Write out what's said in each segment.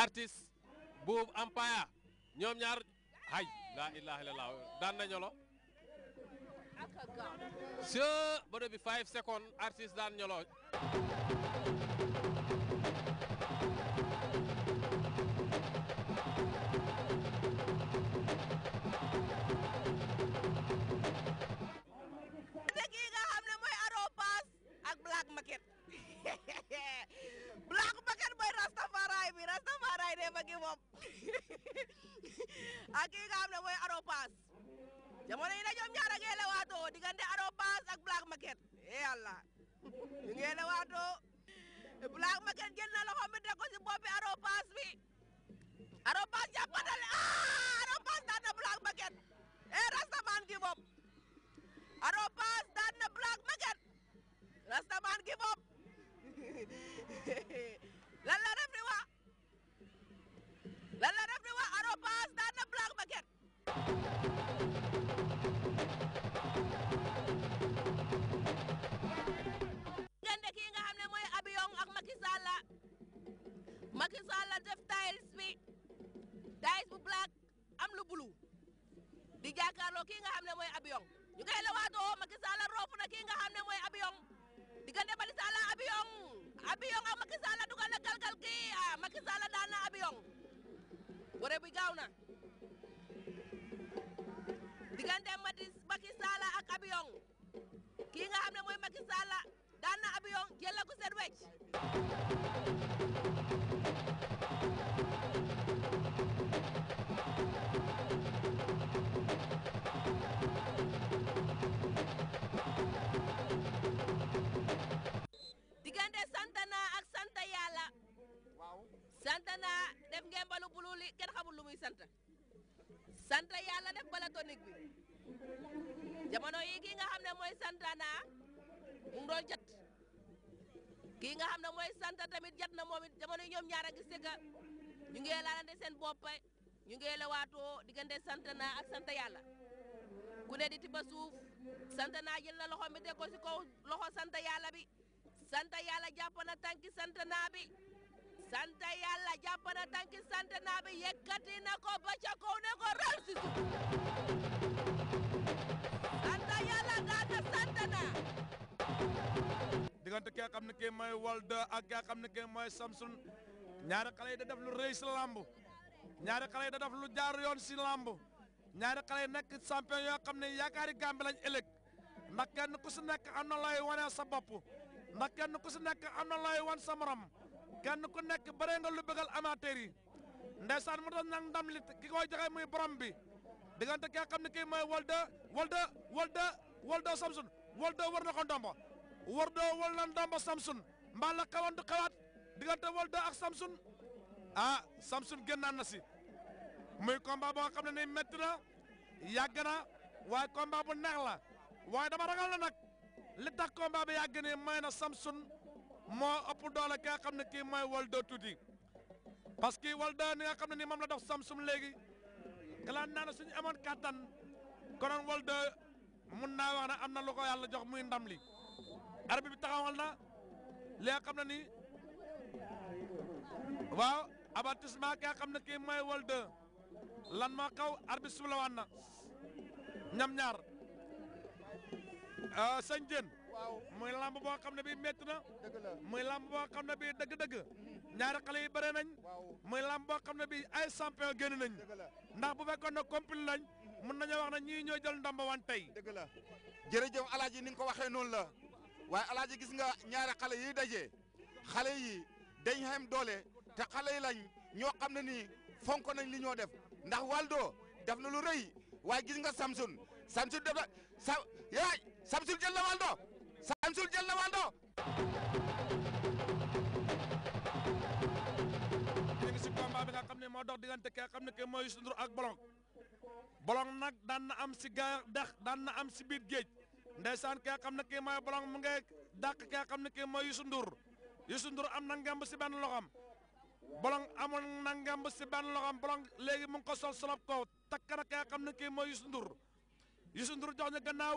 artiste buubu ampaya ñoom ñaar hay laa ilaha illallah daan nañu lo se bodo bi 5 daan ñolo Maguette génn na loxo mi teg ko si bopp bi aropaas bi aropaas jàppandale ah aropaas daan na Black Maguette eh Rastaman gi bopp aropaas daan na Black Maguette Rastaman gi bopp lan la ref di wax lan la bulu di jàkkaarloo kii nga xam ne mooy abiyon ñu koy lewaatoo Macky Sall roof na kii nga xam ne mooy abiyon diggante Bally Sall abiyon abiyon ak Macky Sall dugal na galgal kii ah Macky Sall daan na abiyon ware bi gaaw na diggante Macky Sall ak abiyon kii nga xam ne mooy Macky Sall daan na abiyon jël la ko set wecc sant sant yàlla def balatonik bi jamono yi kii nga xam ne mooy santana mu ngi doon jat kii nga xam ne mooy sant tamit jat na moom it yi ñoom ñaar a ngi sëgga ñu ngi laalante seen bopp ñu ngi lewaatoo diggante santana ak sant yàlla ku ne di tiba suuf santana jël na loxo mi teg ko loxo sant yàlla bi sant yàlla jàpp na tànki santana bi jàpp na tànki sant naa bi yëkkati na ko ba ca kaw ne ko ral si suuf sant yàlla nga na sant naa diggante ki nga Walda ak ki nga xam ne kii mooy Samsun da def lu rëy si làmb ñaari xale da def lu jaar champion lañ ndax kenn ku sa ndax kenn ku sa morom kenn ku nek bare nga lu beugal amateur yi ndeysaan mo do nang ndam li ki koy joxe muy borom bi digante ki nga xam moy Walda Walda Walda Walda Samson Walda war na ko ndombo Walda wal na ndombo Samson mbala la du Walda ak Samson ah Samson gennan na si muy combat bo xam ne ni métti na yàgg na combat bu neex la way dama ragal na nak li tax combat bi yagne mayna Samson moo ëpp doole ki nga xam na kii mooy Waldo tuuti parce que walda ni nga xam ne nii moom la dox Samsung léegi xalaat naa ne suñu amoon kattan konoon Waldo mun naa wax ne am na lu ko yàlla jox muy ndam li arbitre bi taxawal na li nga xam na ni waaw avertissement ki nga xam na kii mooy Waldo lan moo xaw arbitre bi subla waan na ñam ñaar euh, sëñ waaw muy lamb boo xam ne bii métti na. dëgg la muy lamb boo xam ne bii dëgg-dëgg. ñaari xale yi bëre nañ. waaw muy lamb boo xam ne bii ay champion génn nañ. ndax bu fekkoon ne compil lañ. mën nañoo wax ne ñii ñoo jël ndamba wan tey. dëgg jërëjëf alaaji ni nga ko waxee noonu la waaye alaaji gis nga ñaari xale yiy daje xale yi dañ xam doole te xale yi lañ ñoo xam na ni fonk nañ li ñoo def ndax Waldo def na lu rey waaye gis nga Samson Samson def na sa yaay Samson jël na Waldo Samsul Jalna Wando léegi si combat bi nga xam ne moo dox diggante kee xam ke mooy Youssou ak Bolong Bolong nak daan na am si ga dex dan na am si biir géej ndeysaan kee xam ke mooy Bolong mu ngay dàq kee xam ke mooy Youssou Ndour am na ngemb si benn loxam Bolong amon na ngemb si benn loxam Bolong léegi mu ngi ko sol solop ko takk na kee xam ne ke mooy jox gannaaw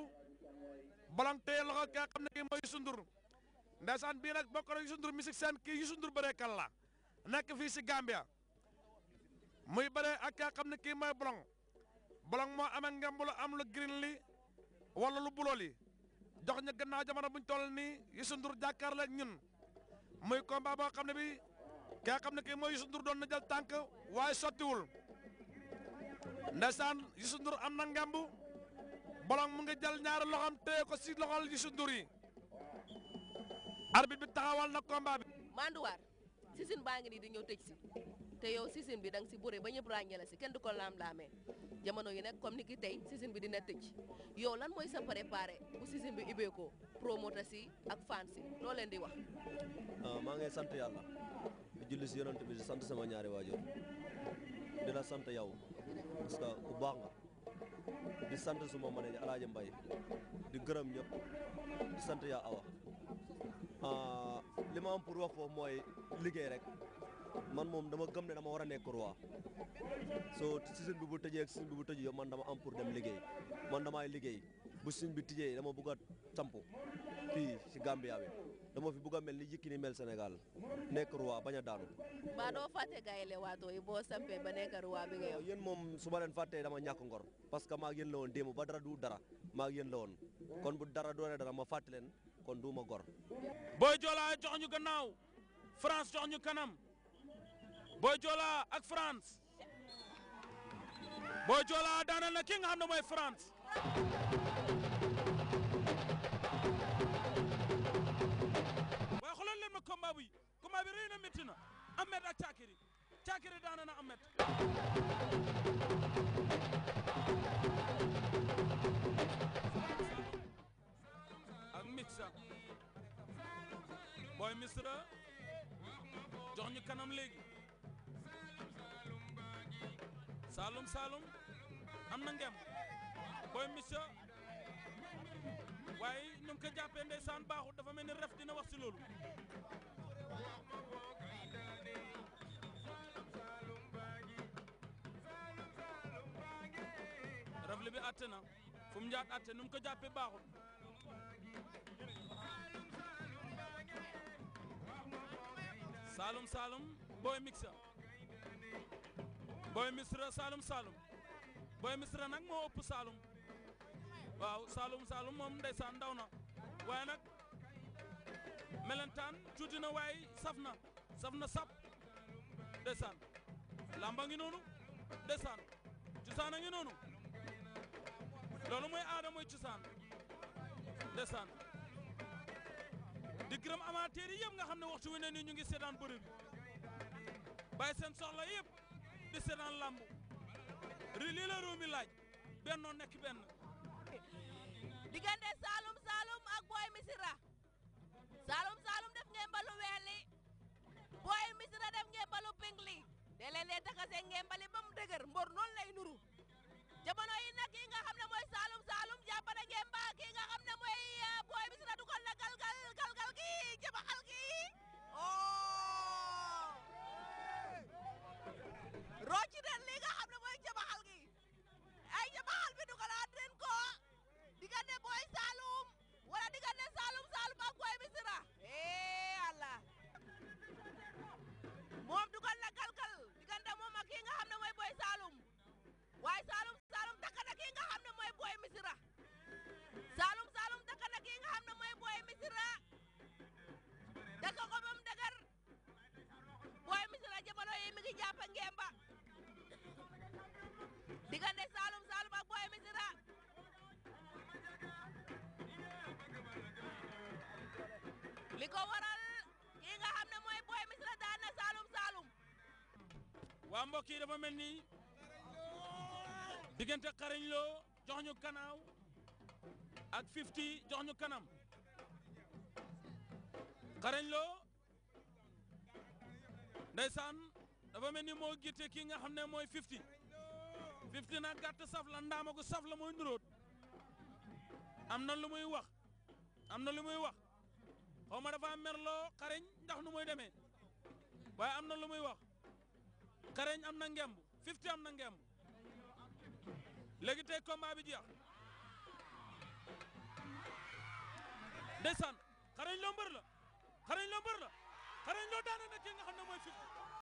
balam teel ki nga kam ne kii mooy Youssou Ndour ndeysaan bii nag bokk na Youssou Ndour musique seen bare Youssou la Gambia muy bare ak ka nga xam ki kii mooy Bolong mo am ak ngemb lu am lu green li wala lu bulo li dox ñu ganna jamana buñ toll ni Youssou Ndour jàkkaarloo ñun muy combat bo xamne bi nga xam ne kii mooy na jël am na ngemb bolong mu nga jël ñaar loxam téye ko ci loxol Youssou sunduri arbit bi taxawal na combat bi manduwaar sisin baangi ni di ñew tëj ci te yow sisin bi dang ci si ba ñëpp ràññee la si kenn du ko laam-laamee jamono yi nag comme ni ki tey sisin bi dina tëj yow lan moy sa préparé bu sisin bi ibé ko promoter ci ak fan ci lo leen di wax ah, ma ngay sante yalla di julli ci yonent bi sante sama ñaari wajjo dina sante yow parce que ku baax nga di sant suma manager Alaaji Mbay di gërëm ñëpp di sant yaa awa ah, li ma am pour wax mooy liggéey rek man moom dama gëm ne dama war a nekk soo saison bi bu tëjee ak saison bi bu tëjee yow man dama am pour dem liggéey man damay liggéey bu saison bi tëjee dama bëgg a samp fii si Gambia dama fi bugg a mel ni Yékini mel Sénégal nekk roi bañ daanu. mbaa doo fàtte gaay Leewtoo yi boo sampee ba nekk roi bi nga yow. yéen moom su ma leen fàttee dama ñàkk ngor parce que maag yéen la woon démb ba dara du dara maag yéen la woon kon bu dara doone dara ma fàtte leen kon du ma gor. booy Joola jox ñu gannaaw France jox kanam booy Joola ak France booy Joola daaneel na ki nga France. saabu yi combat bi rëy na métti na Ahmed ak Caakiri Caakiri daana na Ahmed ak Mixa booy Misra jox ñu kanam léegi Saalum Saalum am na ngem booy Mixa waaye ñu ngi ko jàppee ndeysaan dafa mel ni bi atte na fu mu njaat atte nu mu ko jàppee baaxul Saalum Saalum Boy Mixer Boy Mixer Saalum Saalum Boy nag moo ëpp Saalum waaw Saalum Saalum moom ndeysaan ndaw na waaye nag melentaan tuuti na waaye saf na saf na sap ndeysaan lamba ngi noonu ndeysaan cosaan a ngi noonu loolu mooy aada mooy cosaan desaan di gërëm amateur yi nga xam ne waxtu wi ne nii ñu ngi seetaan bëre bi bàyyi seen soxla di seetaan làmb ri lii mi laaj bennoo nekk benn diggante Saalum Saalum ak Boy Misira Saalum Saalum def ngeen balu weeli Boy Misira def ngeen balu pingli te leen dee takasee ngeen bali ba mu dëgër mbor noonu lay nuru jamono yi nag ki nga xam ne mooy Saalum Saalum jàppale ngeen ba ki nga xam ne mooy euh, kii yi dafa mel ni diggante xarañ loo jox ñu kanaaw ak fifty jox ñu kanam xarañ loo ndeysaan dafa mel ni moo gite ki nga xam ne mooy fifty fifty nag gàtt saf la ndaama gu saf la mooy nuróot am na lu muy wax am na lu muy wax xaw ma dafa loo xarañ ndax nu muy deme waaye am na lu muy wax Kareñ am na ngemb Fifty am na ngemb léegi tey combat bi jeex ndeysaan Kareñ loo mbër la Kareñ loo mbër la loo daana na ki nga xam